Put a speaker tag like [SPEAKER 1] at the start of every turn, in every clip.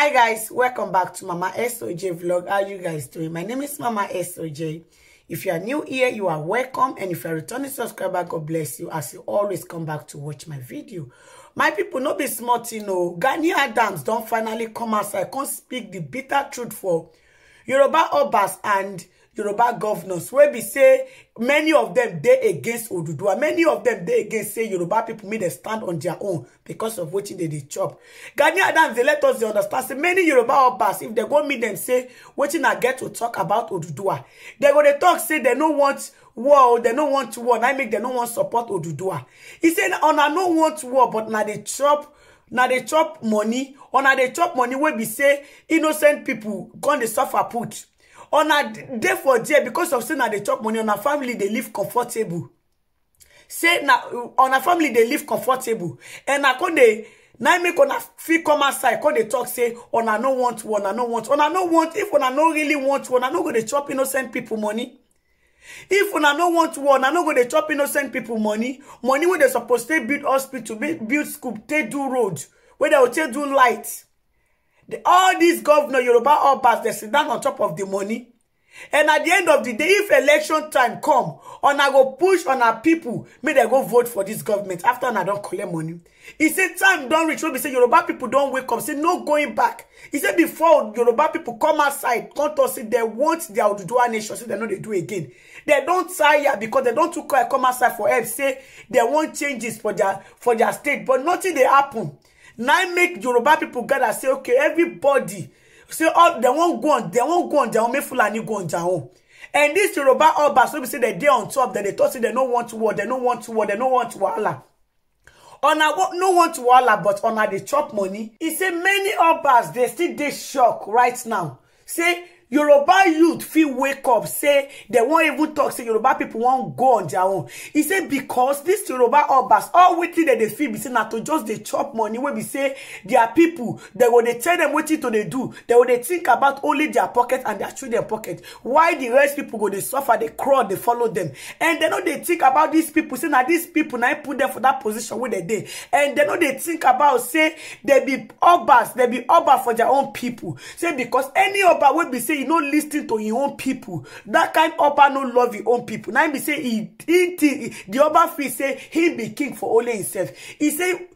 [SPEAKER 1] hi guys welcome back to mama soj vlog how you guys doing my name is mama soj if you are new here you are welcome and if you are returning subscriber god bless you as you always come back to watch my video my people no be small you know Gani Adams Don't finally come outside can't speak the bitter truth for Yoruba obas and yoruba governors wey be say many of them dey against oduduwa many of them dey against say yoruba people make dem stand on their own because of wetin they dey chop gani adams dey let us dey understand say many yoruba obas if they go meet dem say wetin i get to talk about oduduwa they go dey tok say they no want war they no want war na make they no want support oduduwa He say una oh, no want war but na dey chop na dey chop money or na dey chop money wey be say innocent people con dey suffer put una day for day, because of say na dey chop money una family they live comfortable say na una family they live comfortable and na con dey na make a fit come outside con dey talk say una oh, no want one, una no want una no want if una no really want one, una no go dey chop innocent people money if una no want one, una no go dey chop innocent people money money when they supposed to build hospital build school take do road wey they will take do light The, all these governor, Yoruba, all they sit down on top of the money. And at the end of the day, if election time come, on I go push on our people, may they go vote for this government after I don't collect money. He said time don't reach. He said Yoruba people don't wake up. Say no going back. He said before Yoruba people come outside, come to see they want their Oduduwa nation. Say they know they do again. They don't tire because they don't come outside for help. Say they want changes for their for their state, but nothing they happen now make yoruba people gather say okay everybody say all oh, they won't go on dem wan go on their own make fulani go on their and dis yoruba obas no be say dem dey on top dem they talk say dem no want war They don't want to war They don't want to wahala ona no want wahala but ona the chop money He say many obas they still they shock right now say yoruba youth feel wake up say they won't even talk. say yoruba people won't go on their own He said because dis yoruba obas all wetin dem they feel be say na to just they chop money wey we say their people, they go they tell them what to they do They go they think about only their pocket and dia children pocket Why the rest people go they suffer they crawl they follow them. and they know they think about these people. say now these people, na put them for that position where they dey and they know they think about say they be obas they be oba for their own people. say because any oba wey be say say e no listen to him own people. That kind oba no love him own people. na im be say e the oba feel say he be king for only himself He say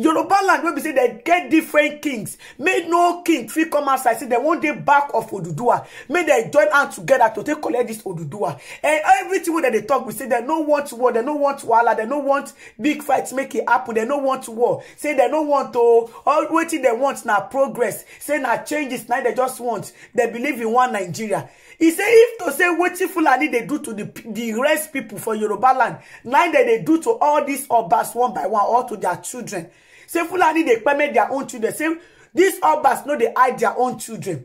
[SPEAKER 1] yoruba land wey be say dem get different kings make no king fit come outside say dem wan dey back of oduduwa make dem join hand together to take collect dis oduduwa and everything wey dem dey talk be say dem no want war dem no want wahala dem no want big fight make e happen dem no want war say dem no want to oh, all wetin dem want na progress say na changes na dem just want dem believe in one nigeria e say if to say wetin fulani dey do to di rest pipo for yoruba land na dem dey do to all dis obas one by one or to dia children say fulani dey permit their own children say these obas know they hide their own children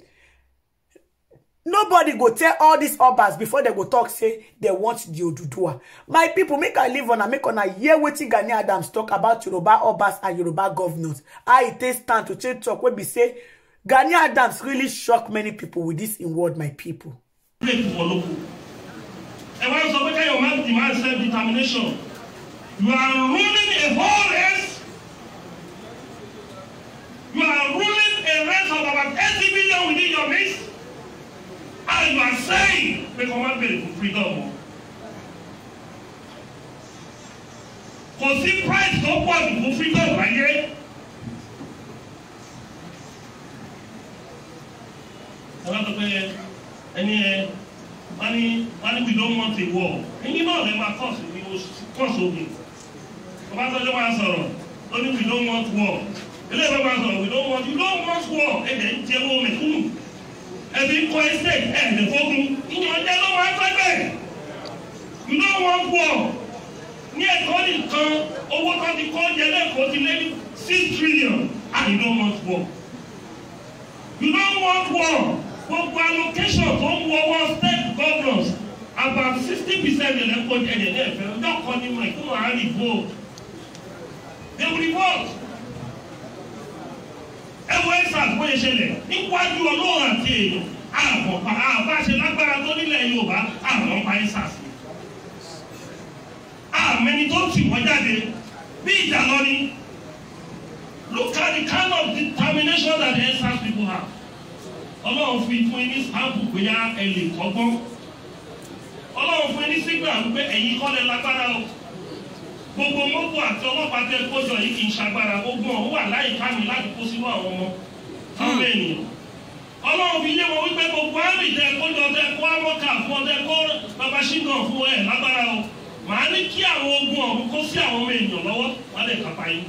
[SPEAKER 1] nobody go tell all these obas before they go talk. say they want the Odudua. my people make a leave on make a year waiting. gani adams talk about yoruba obas and yoruba governors how e take time to change talk when we say gani adams really shocked many people with this in word my pipo
[SPEAKER 2] You are ruining a whole your midst and saying pé kò má béèrè fún freedom Because if sí price tó pọ̀ jù fún freedom láyé. ẹ̀rọ tó pé any ẹ wọ́n we don't want a war ẹni náà lè máa kọ́ọ̀sì ní kọ́ọ̀sì ogun ọbásanjọ́ máa sọ̀rọ̀ ó ní we don't want war ilé ìfẹ́ máa we don't want you don't want war ẹ̀jẹ̀ ń jẹ́ wọ́n mi ẹbí kọ ẹsẹ̀ ẹ̀ẹ́dẹ̀fógún nítorí ọjọ́ ló wà pẹ́pẹ́ no one war ní ẹ̀kọ́ nìkan owó tó ti kọ́ jẹ lẹ́kọ̀ọ́ ti lé ní six trillion and you no want war you no want war gbogbo allocation tó ń wọ wọ state governors about sixty percent ẹ̀lẹ́kọ̀ọ́ jẹ ẹ̀dẹ̀ẹ́dẹ́fẹ́ ọjọ́ kan ní mọ̀ ìkúmọ̀ àárín vote they will vote wo exams bó ṣe ṣẹlẹ̀ níwájú ọlọ́run àti èèyàn àbọ̀pá àbáṣe lágbára tó nílẹ̀ Yorùbá àmọ́ pa exams. àmẹni tó tì wọ́n jáde bí ìjà lọ ni look at the kind of determination that the exams people have. ọlọ́run fi fún yín ní sáàpù bóyá ẹ lè kọ́gbọ́n ọlọ́run fún yín ní sígbà wípé ẹ̀yin kọ́ lágbára o gbogbo ológun àti ọlọ́pàá tẹ kójọ yìí kì í ṣagbára gbogbo ọ̀hún wà láyìíká mi láti kó sínú àwọn ọmọ fáwọn hmm. ènìyàn ọlọ́run fi yé wọn wípé gbogbo àmì tẹ kójọ tẹ kó amọ́ka fún ọ tẹ kó babasígan fún ẹ lágbára o màá ní kí àwọn ogun ọ̀hún kó sí àwọn ọmọ ènìyàn lọ́wọ́ wọ́n lè kápá yín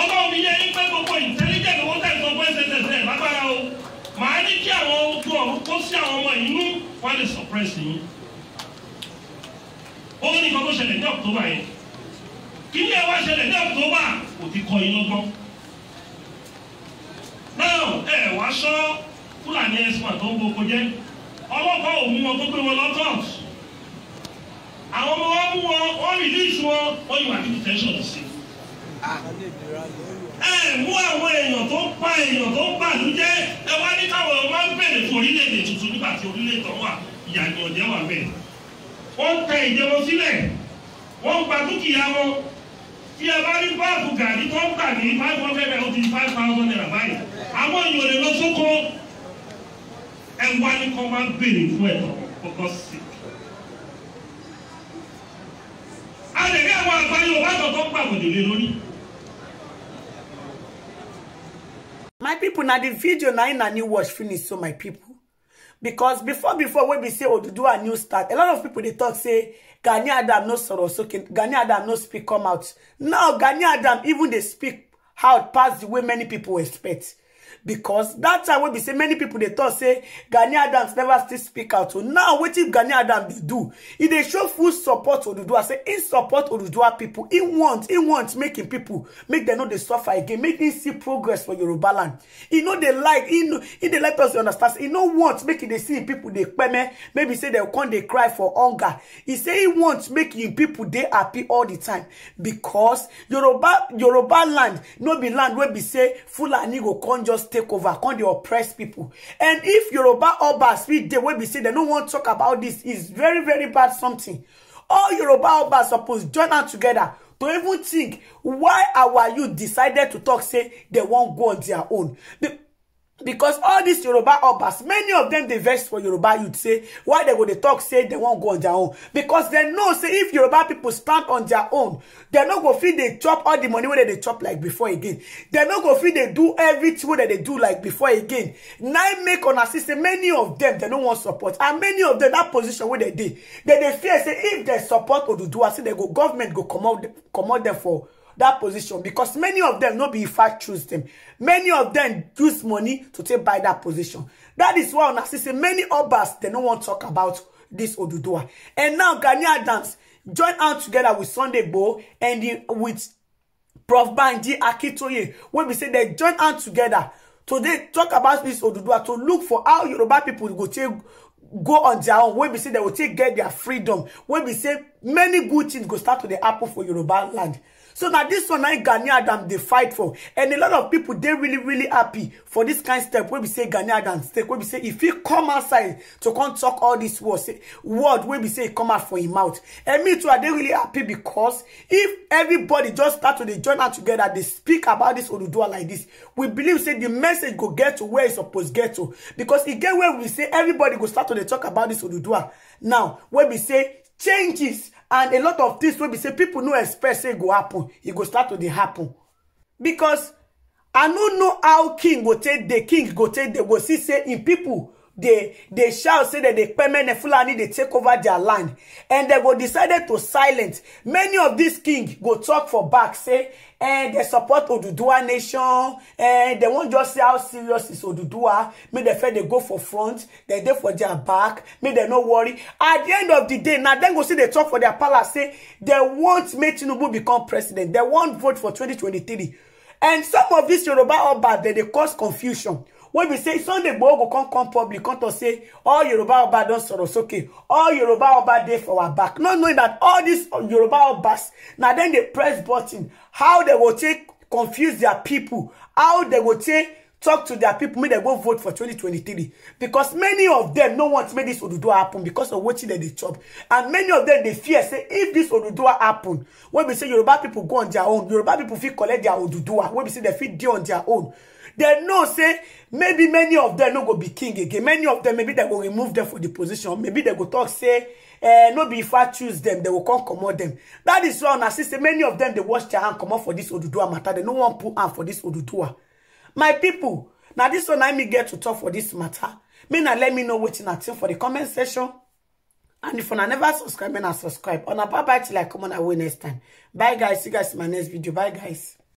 [SPEAKER 2] ọlọ́run fi yé yín pé gbogbo ìtẹ́líjẹ̀ lọ́wọ́ tẹ̀ sọ fún ẹsẹ̀ tẹ̀sẹ̀ lágbára o màá ní kí àwọn ogun ọ̀hún kó sí ó ní nǹkan tó ṣẹlẹ̀ ní October yẹn kí ni ẹ wá ṣẹlẹ̀ ní October kò ti kọ iná gbọ́n náà ẹ wá sọ Fúlàní expert tó ń gboko jẹ́ ọlọ́pàá ò mú wọn tó gbé wọn lọ court àwọn ọmọ wọn mú wọn wọn release wọn wọn yóò wá ní detention sí ẹ mú àwọn èèyàn tó ń pa èèyàn tó ń bàlú jẹ́ ẹ wá ní káwọn ọmọ ń bèrè fún orílẹ̀-èdè tuntun nígbà tí orílẹ̀-èdè tó wà ìyàgbọ̀n jẹ́ wà bẹ́ẹ̀ wọ́n tẹ ìjẹ wọn sílẹ̀ wọ́n gba dúkìá wọn tí a bá rí báàgù gàdí tó ń gbà ní five hundred naira to five thousand naira báyìí àwọn èèyàn lè lọ sóko ẹ wá ní máa béèrè fún ẹ̀ kọ́kọ́ sí. a lè rí àwọn àgbáyé òwò àtọ̀tọ̀ gbàgbọ̀dẹ̀ lé lórí.
[SPEAKER 1] my people, na the video na im na new watch finish so my people because before before when we say do a new start a lot of people they talk say Gani Adam no sọ̀rọ̀ sókè Gani Adam no speak come out now Gani Adam even they speak out pass the way many people expect because dat time wey be say many people they thought say gani adams never still speak out So now what if gani adams do e they show full support oduduwa say in support oduduwa people. He wants, he wants making people make dem no dey suffer again make im see progress for yoruba land e no dey like he they let us understand He know wants making they see people they dey peme maybe say they come they cry for hunger He say he wants making people they happy all the time because yoruba yoruba land no be land where be say fulani go come just just take over come dey oppress people, and if yoruba obas fit dey wey be say dem no wan tok about this is very very bad something all yoruba obas suppose join am together. to even think why our youth decided to talk? say they won't go on their own because all these yoruba obas many of them they vex for yoruba youth say why they go They talk say they won't go on their own because they know say if yoruba people stand on their own dem no go fit They chop all the money where they chop like before again dem no go fit They do everything wey dem dey do like before again Nine make on see many of them they no want support and many of them that position where they did, they dey fear say if they support or do I say they go government go come come out out there for that position because many of them no be if I choose them many of them use money to take buy that position that is why una see say many obas dem no wan talk about this Oduduwa and now Gani Adams join hand together with Sunday Bo and the, with Prof Banji Akitoye. When we say they join hand together to dey talk about this Oduduwa to look for how Yoruba people go take go on their own When we say they will take get their freedom When we say many good things go start to the apple for Yoruba land so now this one I Gani Adams dey fight for and a lot of people they really really happy for this kind step where we say Gani Adams take wey be say if he come outside to come talk all this word word where we say e come out for him out. and me too i dey really happy because if everybody just start to dey join out together, they speak about this oduduwa like this. we believe say the message go get to where e suppose get to because again e get where we say everybody go start to dey talk about this oduduwa now where we say changes and a lot of things will be say People no expect say go happen It e go start to dey happen because i don't know how king go take the king go take the go see say in people they they shout say that the permanent Fulani they take over their land and they will decided to silence many of these kings go talk for back say and eh, they support Oduduwa nation and eh, they won't just see how serious is Oduduwa make they feel they go for front they there for their back make they no worry at the end of the day now then go see they talk for their palace say they won't make Tinubu become president they won't vote for 2023 and some of these Yoruba or bad they, they cause confusion wey be say sunday gboo go come come public come to say all yoruba oba don sọ̀rọ̀ sókè all yoruba oba dey for our back not knowing that all these yoruba obas na dem dey press button how dem go take confuse their people, how dem go take talk to their people, make them go vote for 2023. Because many of them no want to make this Oduduwa happen because of what that they chop. And many of them, they fear, say, if this Oduduwa happen, when we say Yoruba people go on their own, Yoruba people feel collect their Oduduwa, when we say they feel deal on their own. They know say maybe many of them no go be king again many of them maybe they go remove them for the position maybe they go talk say eh no be if i choose them. They will come come comot them. That is why una say many of them they wash their hand come up for this oduduwa matter They no one put hand for this oduduwa my people, now this one i may get to talk for this matter Me now let me know wetin i think for the comment section and if una never subscribe make na subscribe una bye bye till i come on away next time bye guys see you guys in my next video bye guys